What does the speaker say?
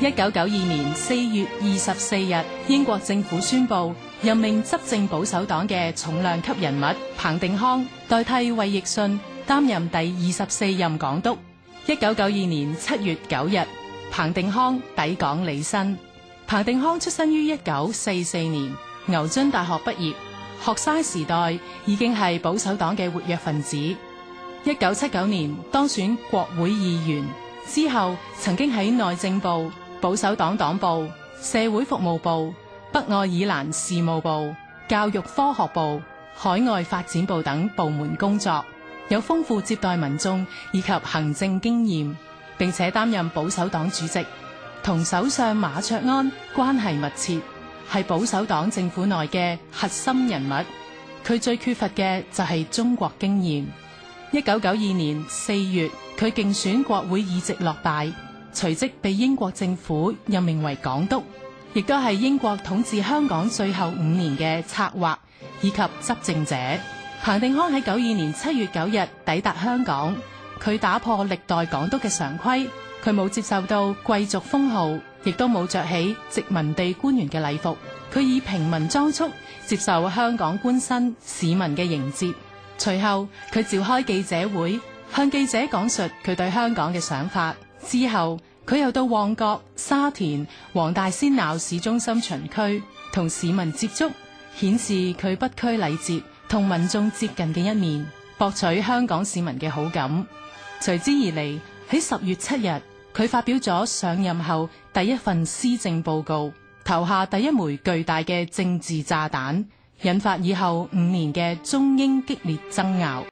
一九九二年四月二十四日，英國政府宣布任命執政保守黨嘅重量級人物彭定康代替衛奕信擔任第二十四任港督。一九九二年七月九日，彭定康抵港履新。彭定康出身於一九四四年牛津大學畢業，學生時代已經係保守黨嘅活躍分子。一九七九年當選國會議員之後，曾經喺內政部，保守黨黨部、社會服務部、北愛爾蘭事務部、教育科學部、海外發展部等部門工作，有豐富接待民眾以及行政經驗，並且擔任保守黨主席，同首相馬卓安關係密切，係保守黨政府內嘅核心人物。佢最缺乏嘅就係中國經驗。一九九二年四月，佢競選國會議席落敗。隨即被英國政府任命為港督，亦都係英國統治香港最後五年嘅策劃以及執政者。彭定康喺九二年七月九日抵達香港，佢打破歷代港督嘅常規，佢冇接受到貴族封號，亦都冇着起殖民地官員嘅禮服，佢以平民裝束接受香港官紳市民嘅迎接。隨後佢召開記者會，向記者講述佢對香港嘅想法。之後佢又到旺角、沙田、黃大仙鬧市中心巡區，同市民接觸，顯示佢不拘禮節同民眾接近嘅一面，博取香港市民嘅好感。隨之而嚟，喺十月七日，佢發表咗上任後第一份施政報告，投下第一枚巨大嘅政治炸彈，引發以後五年嘅中英激烈爭拗。